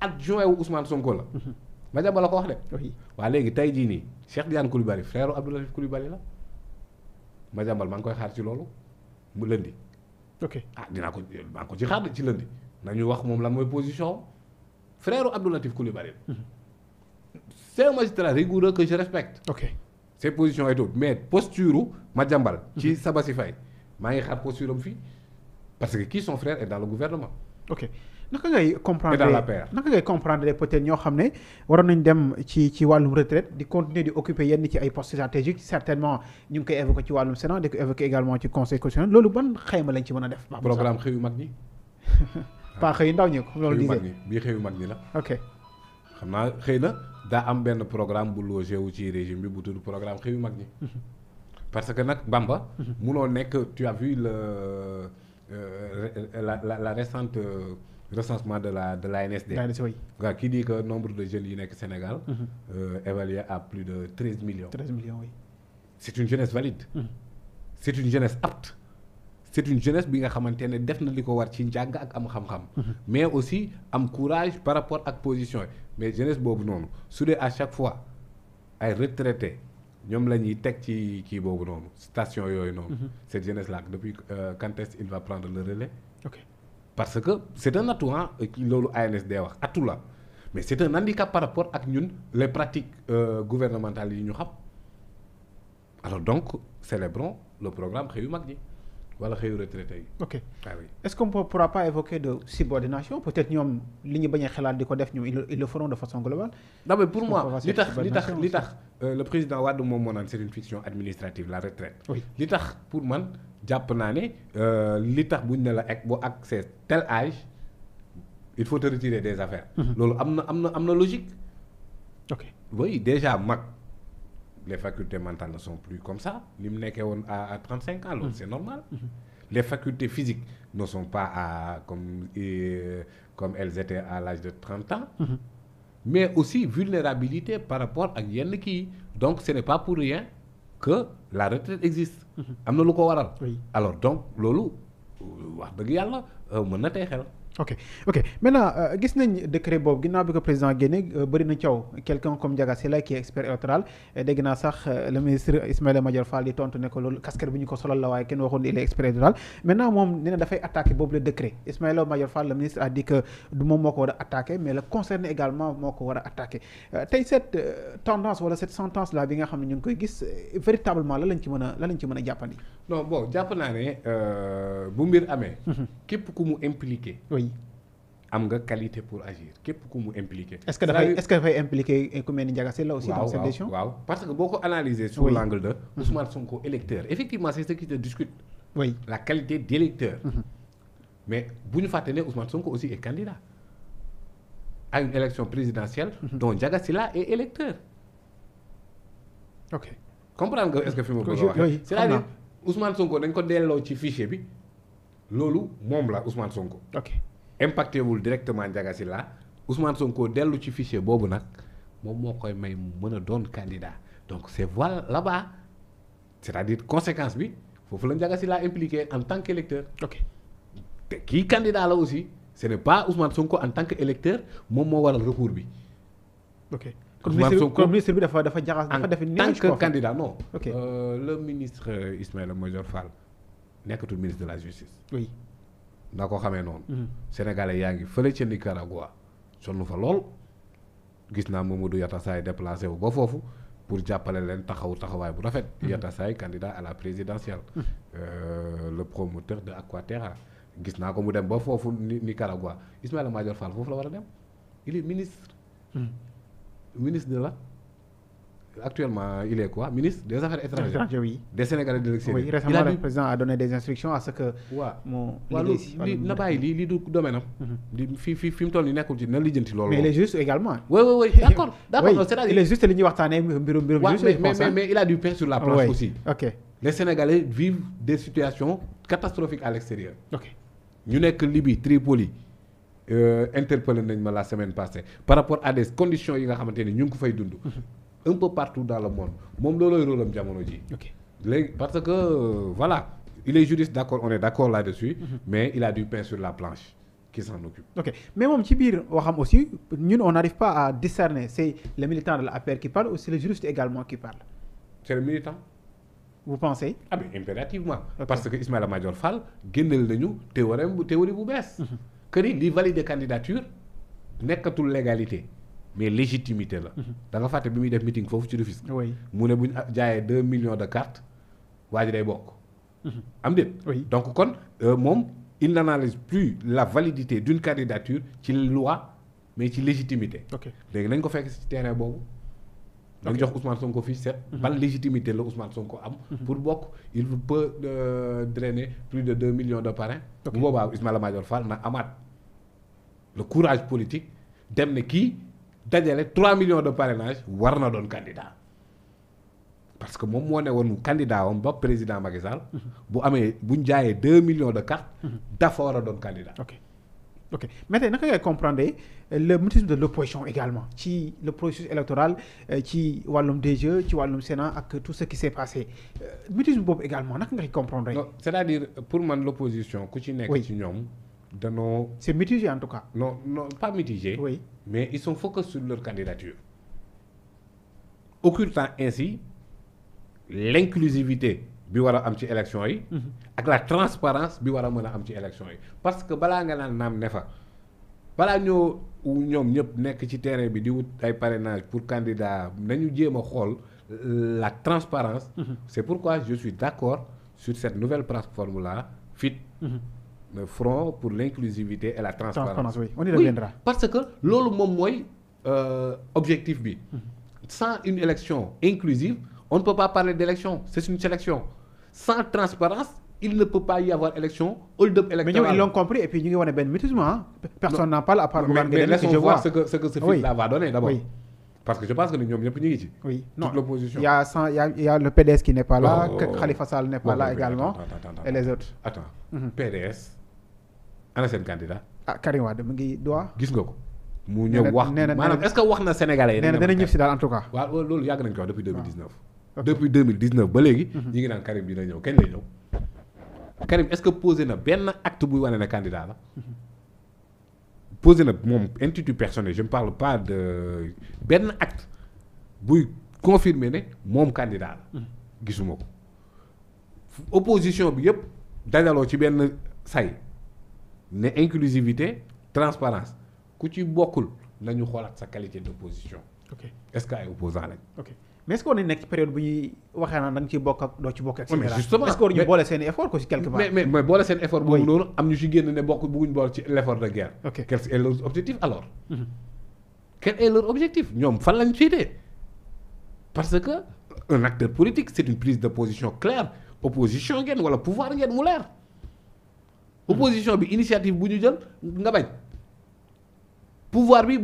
adjoint wu Ousmane Sonko la. Mhm. Madiambal la ko wax de. waa léegi tey jii nii Cheikh Diane Coulibaly frère Abdou Latif Coulibaly la Madiambal maa ngi koy xaar ci loolu mu lëndi. ok ah dinaa ko maa ngi ko ci xaar ci lëndi nañu wax moom lan mooy position frère Abdou Latif Coulibaly la. Mhm. c'est un magistrat rigoureux que je respecte. ok ses positions et tout mais posture Madiambal. ci mhm. Sabasy Faye maa ngi xaar posture bu fii parce que kii son frère est dans le gouvernement. ok. naka ngay comprendre naka ngay comprendre peut-être ñoo xam ne waroon nañ dem ci ci wàllum retraite di continuer di occuper yenn ci ay postes stratégiques certainement ñu ngi koy évoquer ci wàllum Sénat di ko évoquer également ci conseil constitutionnel loolu ban xayma lañ ci mën a def. programme xëyu mag ñi. pas xëyu ndaw ñi loolu. xëyu mag ñi bii xëyu mag ñi la. ok xam naa xëy na daa am benn programme bu logé wu ci régime bi bu tudd programme xëyu mag ñi. Mhm. parce que nag Bamba. Mhm. munoo nekk tu as vu le euh, la la la récente. Euh, recensement de la de l'ANSD. oui. waaw qui dit que nombre de jeunes yi nekk Sénégal. Mhm. Euh, à plus de treize millions. treize millions oui. c' est une jeunesse valide. Mhm. c' une jeunesse apte. c' une jeunesse bi nga xamante ne def na li ko war ci njàng ak am xam-xam. Mhm. mais aussi am courage par rapport ak position yi mais jeunesse boobu noonu su dee à chaque fois ay retraité ñoom la ñuy teg ci kii boobu noonu station yooyu noonu. cette jeunesse là depuis euh, quand est-ce il le relais. ok parce que c'est un atout ah loolu ANSD wax atout mais c'est un handicap par rapport ak ñun les pratiques euh, gouvernementales yi ñu xam alors donc célébrons le programme xëyu mag ñi wala xëyu retraité yi. ok ah oui. est-ce qu'on ne pourra pas évoquer de subordination peut-être ñoom li ñu bañ a di ko def ñoom ils le feront de façon globale. non mais pour moi li tax li tax li tax. Euh, le président Wade moom moo naan c'est une fiction administrative la retraite li tax pour man jàpp naa ne euh, li tax bu ñu ne la ak boo accès tel âge il faut te retirer des affaires mhm. loolu am na am na am na logique ok oui déjà mag les facultés mentales ne son plus comme ça li mu nekkee woon à à trente cinq ans loolu mhm. c'est normal mhm. les facultés physiques ne sont pas à comme euh, comme elles à l'âge de trente ans mais aussi vulnérabilité par rapport ak yenn kii donc ce n'est pas pour rien que la retraite existe. Mhm. am na lu ko waral. alors donc loolu wax dëgg yàlla euh, mën na tey xel. ok ok maintenant euh, gis nañ décret boobu ginnaaw bi ko président génne euh, bëri na coow comme Ndiaga Sylla qui est expert électoral euh, dégg naa sax le ministre Ismaïla Madior Fall di tontu ne ko loolu casquette bu ñu ko solal la waaye kenn waxoon il est expert électoral maintenant moom nee dafay attaqué boobu le décret Ismaïla Madior Fall le ministre a dit que moo ko war a attaqué mais le concerné également moo ko war a attaqué tey cette tendance wala cette sentence ne a la a am nga qualité pour agir képp ku mu impliqué. est-ce que dafay est-ce que dafay impliqué ku mel ni Ndiaga Sylla aussi. dans cette décision waaw parce que boo ko analyser sur l'angle de mhm. Ousmane Sonko électeur effectivement c'est ce qui discute. la qualité d'électeur. Mhm. mais bu ñu fàtte ne Ousmane Sonko aussi et candidat ak une élection présidentielle. Mhm. dont Ndiaga Sylla est électeur. ok comprendre nga est-ce que dire Ousmane Sonko dañ ko delloo ci fichier bi loolu moom la Ousmane Sonko. impacté wul directement Ndiaga Sylla Ousmane Sonko dellu ci fichier boobu nag moom moo koy may mu mën a doon candidat donc c'est voilà là-bas c'est-à-dire conséquence bi foofu la Ndiaga Sylla impliqué en tant qu'électeur. ok te kii candidat la aussi ce n'est pas Ousmane Sonko en tant qu'électeur moom moo waral recours bi. ok kon ministre bi dafa dafa jaxas dafa def en tant que candidat non. ok euh, le ministre Ismaïla Madior Fall nekkatul ministre de la justice. na ko xamee noonu. Mm-hmm. sénégalais yaa ngi fële ca Nicaragua sonn fa lool gis naa Mamadou Yatassay déplacé wu ba foofu pour jàppale leen taxaw taxawaay bu rafet. Mm-hmm. Yatassay candidat à la présidentielle. Mm-hmm. Euh, le promoteur de Aquaterra gis naa ko mu dem ba foofu Nicaragua Ismaïla Madior Fall foofu la war a dem il est ministre. ministre de la. actuellement il est quoi ministre des affaires étrangères. oui des Sénégalais de l'extérieur. oui récemment le président a donné des instructions à ce que. waaw waaw li na bàyyi lii lii du domaine mhm. fi fi fi mu toll nii nekkul ci na lijjanti loolu. mais il est juste également. oui oui oui d'accord d'accord c'est-à-dire il est juste li ñuy waxtaanee mbirum mbirum. juste mais mais il a du pain sur la planche aussi. ok les Sénégalais vivent des situations catastrophiques à l'extérieur. Euh, yi nga xamante ni ñu ngi ko fay dund. Mhm. un peu partout dans le monde moom loolooy rôle am jamono ji. ok léegi parce que euh, voilà il est juriste d' on est d' là-dessus. Mm mais il a du pain sur la planche. qui s'en occupe. ok mais moom ci biir xam aussi ñun on n'arrive pas à discerner c' est le militant de la APR qui parle ou c' est le juriste également qui parle. c' est le militant. vous pensez. ah mais impérativement. Okay. parce que Ismaïla Madior Fall génneel nañu théorème bu théorie bu bees. Mhm. que ni li valider candidature nekkatul légalité. mais légitimité la. Mhm. da nga fàtte bi muy def meeting foofu ci Rufisque. mu ne bu ñu jaayee deux millions de cartes waa ji day bokk. Mhm. am déet. donc kon euh, moom il n'analyse plus la validité d'une candidature ci loi mais ci légitimité. ok léegi nañ ko fekk ci terrain boobu. dañ jox Ousmane Sonko fii seet. Mhm. ban légitimité la Ousmane ko am. pour bokk il peut euh, drainer plus de deux millions de parrains. bu boobaa Ismaïla Madior Fall na amaat le courage politique dem kii. dajale 3 millions de parrainage war na doon candidat parce que moom moo ne woon candidat wam ba président Macky Sall mhm. bu amee buñ jaayee 2 millions de cartes. Mhm. dafa war a doon candidat. ok ok mais tey naka ngay comprendre euh, le mutisme de l'opposition également ci le processus électoral euh, ci wàllum DG ci wàllum Sénat ak tout ce qui s'est passé euh, mutisme boobu également naka nga koy comprendre. non c'est-à-dire pour man l'opposition ku ci nekk. ci ñoom danoo. c'est mitigé en tout cas. non non pas mitigé. mais ils son focus sur leur candidature occultant ainsi l'inclusivité bi war a am ci élection yi mhm. ak la transparence bi war a mën a am ci élection yi parce que balaa nga naan naam ne fa balaa ñoo ñoom ñëpp nekk ci terrain bi di wut ay parrainage pour candidat nañu jéem a xool la transparence mhm. c'est pourquoi je suis d'accord sur cette nouvelle plateforme là FIT mhm. le front pour l'inclusivité et la transparence. oui. Oui, parce que loolu moom mooy euh, objectif bi. Mm-hmm. sans une élection inclusive on ne peut pas parler d'élection c'est une sélection sans transparence il ne peut pas y avoir élection hold-up électoral. mais compris et puis ñu ngi wane benn mutisme personne n'en parle à part. mais laisse-nous voir ce que ce que ce va donner d'abord. parce que je pense que a sans il y a il le PDS qui n'est pas là. Oh. Khalifa Sall n'est ana seen candidat. ah Karim Wade mu ngi doa. gis nga ko. mu ñëw wax maanaam est-ce que wax na Sénégalais yi. nee na dana ñëw si daal en tout cas. waaw loolu yàgg nañ ko wax depuis 2019. Ah. depuis 2019 ba léegi. Mhm. ñi ngi naan Karim dina ñëw kañ lay ñëw. Karim est-ce que posé na benn acte buy wane ne candidat la. Mhm. posé na moom intitut personnel je ne parle pas de benn acte buy confirmer ne moom candidat la. Mhm. gisuma ko. opposition bi yëpp dajaloo ci benn say. ne inclusivité transparence ku ci bokkul nañu xoolaat sa qualité d' opposition. ok est ce que nekk période bu ñuy waxee naan da nga ciy bokk ak doo ci bokk. ak mais justement est ce que war ñu boole seen effort ko si quelque part. mais mais mais boole seen effort boobu noonu am ñu si génn ne de alors. Mhm. quel est leur objectif ñoom fan lañ féetee parce que un acteur politique c' est une prise de position claire opposition ngeen wala pouvoir ngeen mu leer. opposition bi initiative bu ñu jël nga bañ pouvoir bi